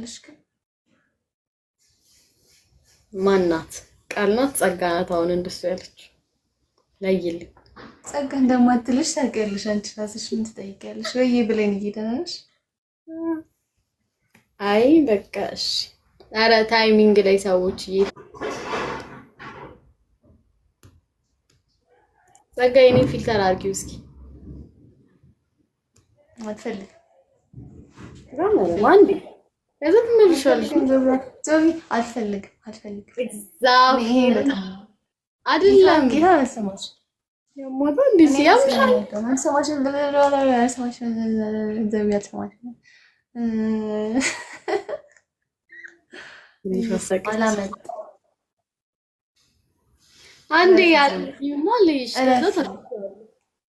ታውቂያለሽ? ግን ማናት? ቃል ናት? ጸጋ ናት? አሁን እንደሱ ያለች ለይልኝ። ጸጋ እንደማትልሽ ታውቂያለሽ? አንቺ ራስሽ ምን ትጠይቂያለሽ? ወይ ብለን እየደናነሽ አይ በቃ እሺ። አረ ታይሚንግ ላይ ሰዎች ይሄ ጸጋ የኔ ፊልተር አድርጊው እስኪ። አትፈልግም ያዘት ምን ይሻል? ዘቢ አልፈልግም አልፈልግም። እግዚአብሔር አይደለም ጌታ አልሰማሽ ሞታ እንዲህ ያምሻል አልሰማሽ አልሰማሽ ዘቢ አልሰማሽ አንዴ ያልዩና ልይሽ ከዛ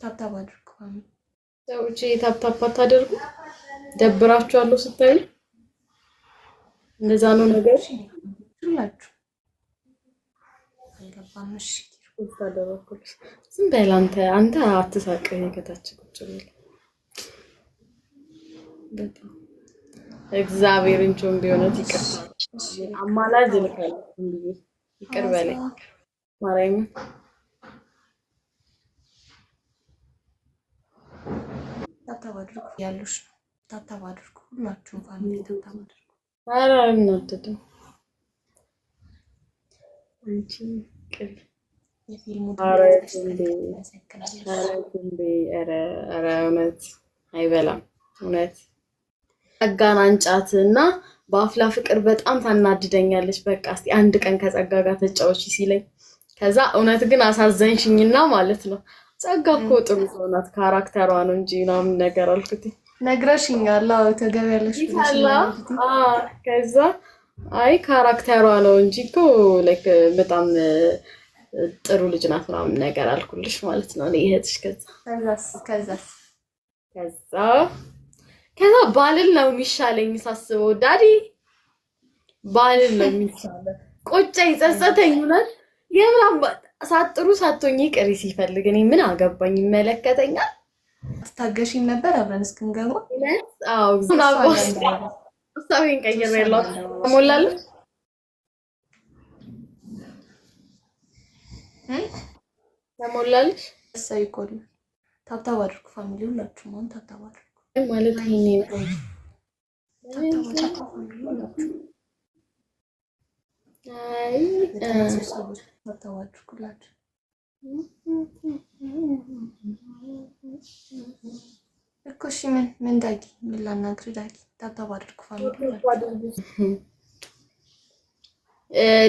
ታብታብ አድርጉ። ሰዎች ታብታብ አታደርጉ። ደብራችኋለሁ ስታዩ እንደዛ ነው ነገር ሁላችሁ አልገባምሽ። ዝም በል አንተ አንተ አትሳቅ። ከታች ቁጭ ብለ እግዚአብሔር ጮም ቢሆነት ይቅር አማላጅ ልካለ ይቅር በለኝ ማርያምን ታብታብ አድርጉ ያሉሽ ነው። ታብታብ አድርጉ ሁላችሁም ፋሚሊ ታብታብ አድርጉ። ኧረ አልናደድም። አንቺ ቅል የፊልሙ ኧረ እውነት አይበላም። እውነት ጸጋን አንጫት እና በአፍላ ፍቅር በጣም ታናድደኛለች። በቃ እስኪ አንድ ቀን ከጸጋ ጋር ተጫወች ሲለኝ ከዛ እውነት ግን አሳዘንሽኝና ማለት ነው ጸጋ እኮ ጥሩ ሰው ናት፣ ካራክተሯ ነው እንጂ ምናምን ነገር አልኩት። ነግረሽኛል። አዎ ተገቢያለሽ። ከዛ አይ ካራክተሯ ነው እንጂ እኮ በጣም ጥሩ ልጅ ናት ምናምን ነገር አልኩልሽ ማለት ነው ይሄትሽ። እህትሽ። ከዛ ከዛ ከዛ ነው የሚሻለኝ ሳስበው፣ ዳዲ ባልል ነው የሚሻለ ቆጫ ጸጸተኝ። እውነት የምናባት ሳጥሩ ሳቶኝ ቅሪ ሲፈልግ እኔ ምን አገባኝ? ይመለከተኛል። አትታገሺም ነበር አብረን እስክንገባ? አዎ ቀይር ሞላለ ታብታብ አድርጉ። ፋሚሊ ሁላችሁም አሁን ታብታብ አድርጉ ማለት ይሄኔ ነው። ወጣዋችሁ ሁላችሁ። እኮ እሺ፣ ምን ምን ዳጊ ምን ላናግር? ዳጊ ታብታብ አድርግ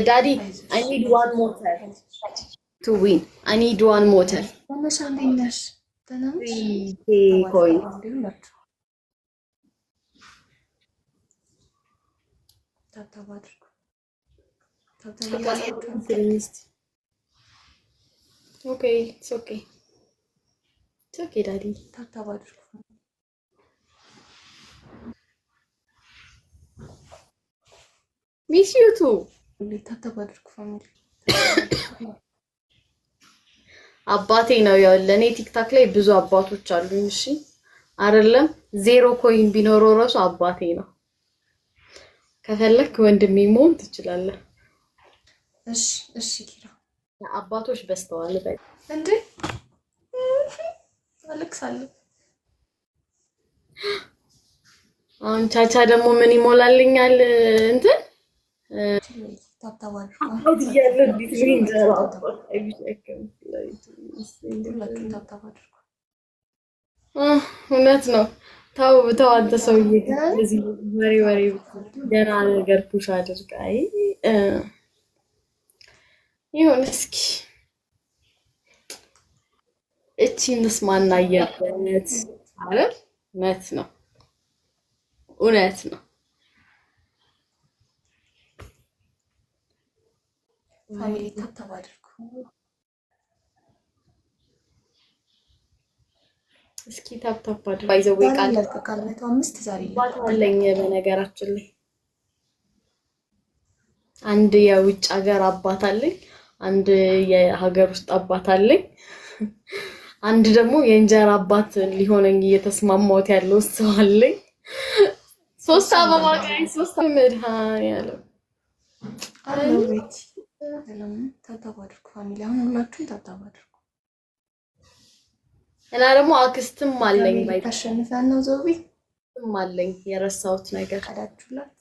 ዳዲ አይ ዋን ሞተር ቱ ዊን አይ ዋን ሞተር ታብታብ አድርጉ ኦኬ ኢትስ ኦኬ ኢትስ ኦኬ ዳዲ ታብታብ አድርጉ። ሚስ ዩቱ ታብታብ አድርጉ ፋሚሊ አባቴ ነው ያው ለእኔ ቲክታክ ላይ ብዙ አባቶች አሉኝ። እሺ አይደለም ዜሮ ኮይን ቢኖረው ራሱ አባቴ ነው። ከፈለክ ወንድሜ መሆን ትችላለህ። እሺ እሺ ኪራ አባቶች በስተዋል እንዴ አለቅሳለሁ። አሁን ቻቻ ደግሞ ምን ይሞላልኛል? እንትን እውነት ነው። ተው ተው፣ አንተ ሰውዬ ወሬ ወሬ ደህና ነገር ፑሽ አድርግ። አይ ይሁን እስኪ እቺንስ ማናየበት አይደል? እውነት ነው፣ እውነት ነው። ፋሚሊ ታብታብ አድርጉ እስኪ ታብታብ አድርጉ። ባይዘው ቃል አምስት ዛሬ ባታለኝ በነገራችን ላይ አንድ የውጭ ሀገር አባት አለኝ አንድ የሀገር ውስጥ አባት አለኝ። አንድ ደግሞ የእንጀራ አባት ሊሆነኝ እየተስማማሁት ያለው ሰው አለኝ። ሶስት አበባ ቀኝ ሶስት መድኃኒዓለም ፋሚሊ። አሁን ሁላችሁም ታብታብ አድርጉ እና ደግሞ አክስትም አለኝ ታሸንፈ ነው ዞቢ አለኝ የረሳሁት ነገር አዳችሁላት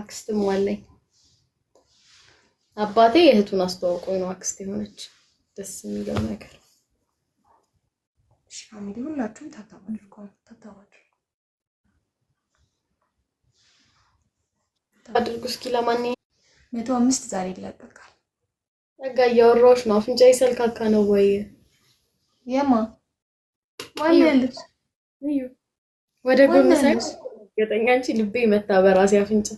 አክስትም አለኝ። አባቴ የእህቱን አስተዋውቆኝ ነው አክስት የሆነች ደስ የሚለው ነገር። ፋሚሊ ሁላችሁም ታብታብ እስኪ ለማንኛውም መቶ አምስት ዛሬ ይለቀቃል። ጸጋ እያወራሁሽ ነው። ሰልካካ ነው ወይ የማ እዩ ወደ ጎን ገጠኛ አንቺ ልቤ መታ በራሴ አፍንጫ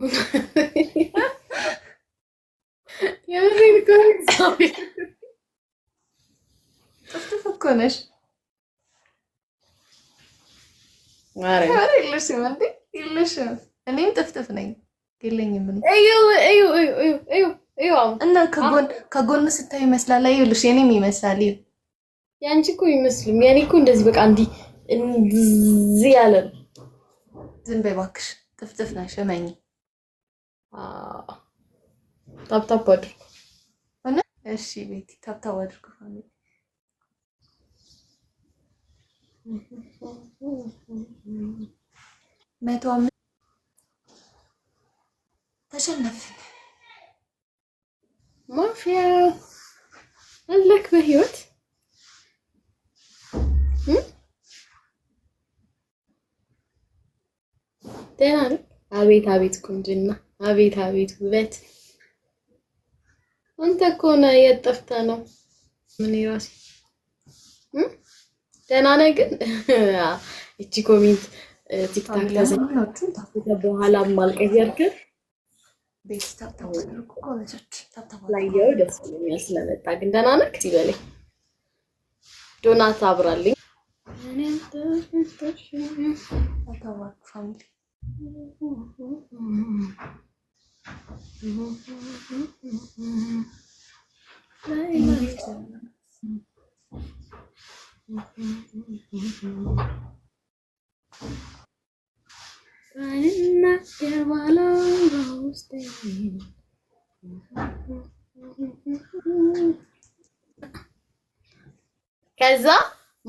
ጥፍጥፍ እኮ ነሽ። የለሽም እንደ የለሽም። እኔም ጥፍጥፍ ነኝ የለኝም። እና ከጎን ስታይ ይመስላል። ይኸውልሽ የእኔም ይመስላል። የአንቺ እኮ ይመስልም። የእኔ እኮ እንደዚህ በቃ እንዲህ እዚህ ያለ ዝም በይ እባክሽ። ጥፍጥፍ ነሽ እመኚ። ታብታብ አድርጉ እና እሺ፣ ቤቲ ታብታብ አድርጉ። መቶ አምስት ተሸነፍን። ማፊያ አለክ በህይወት ደህና ነው። አቤት አቤት ቁንጅና፣ አቤት አቤት ውበት አንተ ከሆነ የት ጠፍተህ ነው? ምን ራሴ ደህና ነህ? ግን እቺ ኮሜንት ቲክታክ በኋላ ማልቀየር ግን ላየው ደስ ይለኛል ስለመጣ። ግን ደህና ነህ? ሲበለኝ ዶናት አብራልኝ ከዛ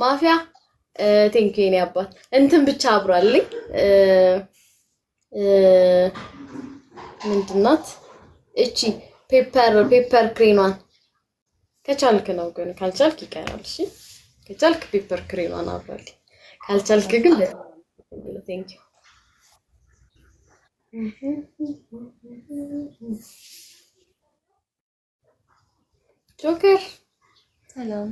ማፊያ ቴንኪው የኔ አባት እንትን ብቻ አብሯልኝ ምንድን ናት እቺ? ፔፐር ፔፐር ክሬኗን ከቻልክ ነው ግን ካልቻልክ ይቀራል። እሺ ከቻልክ ፔፐር ክሬኗን አብራል፣ ካልቻልክ ግን ቴንክ ዩ ጆከር። ሰላም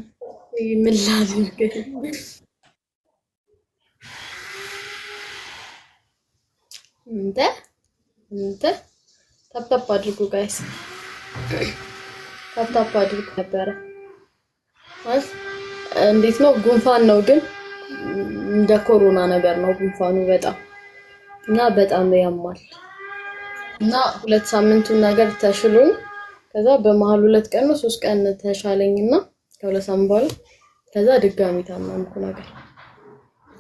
እንደ እንደ ታፕታፕ አድርጉ ጋይስ፣ ታፕታፕ አድርጉ ነበረ ማለት እንዴት ነው? ጉንፋን ነው ግን እንደ ኮሮና ነገር ነው ጉንፋኑ በጣም እና በጣም ያማል እና ሁለት ሳምንቱን ነገር ተሽሎኝ ከዛ በመሀል ሁለት ቀን ነው ሶስት ቀን ተሻለኝ እና ከሁለት ሳምንት በኋላ ከዛ ድጋሚ ታመምኩ ነገር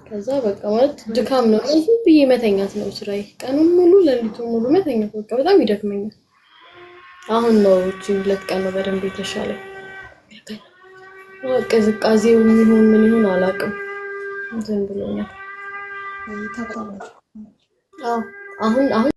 ከዛ በቃ ማለት ድካም ነው ዝም ብዬ መተኛት ነው ስራዬ። ቀኑን ሙሉ ለሊቱን ሙሉ መተኛት በቃ በጣም ይደክመኛል። አሁን ነው እቺ ሁለት ቀን ነው በደንብ የተሻለ። ቅዝቃዜው የሚሆን ምን ይሆን አላውቅም፣ ዝም ብሎኛል። አሁን አሁን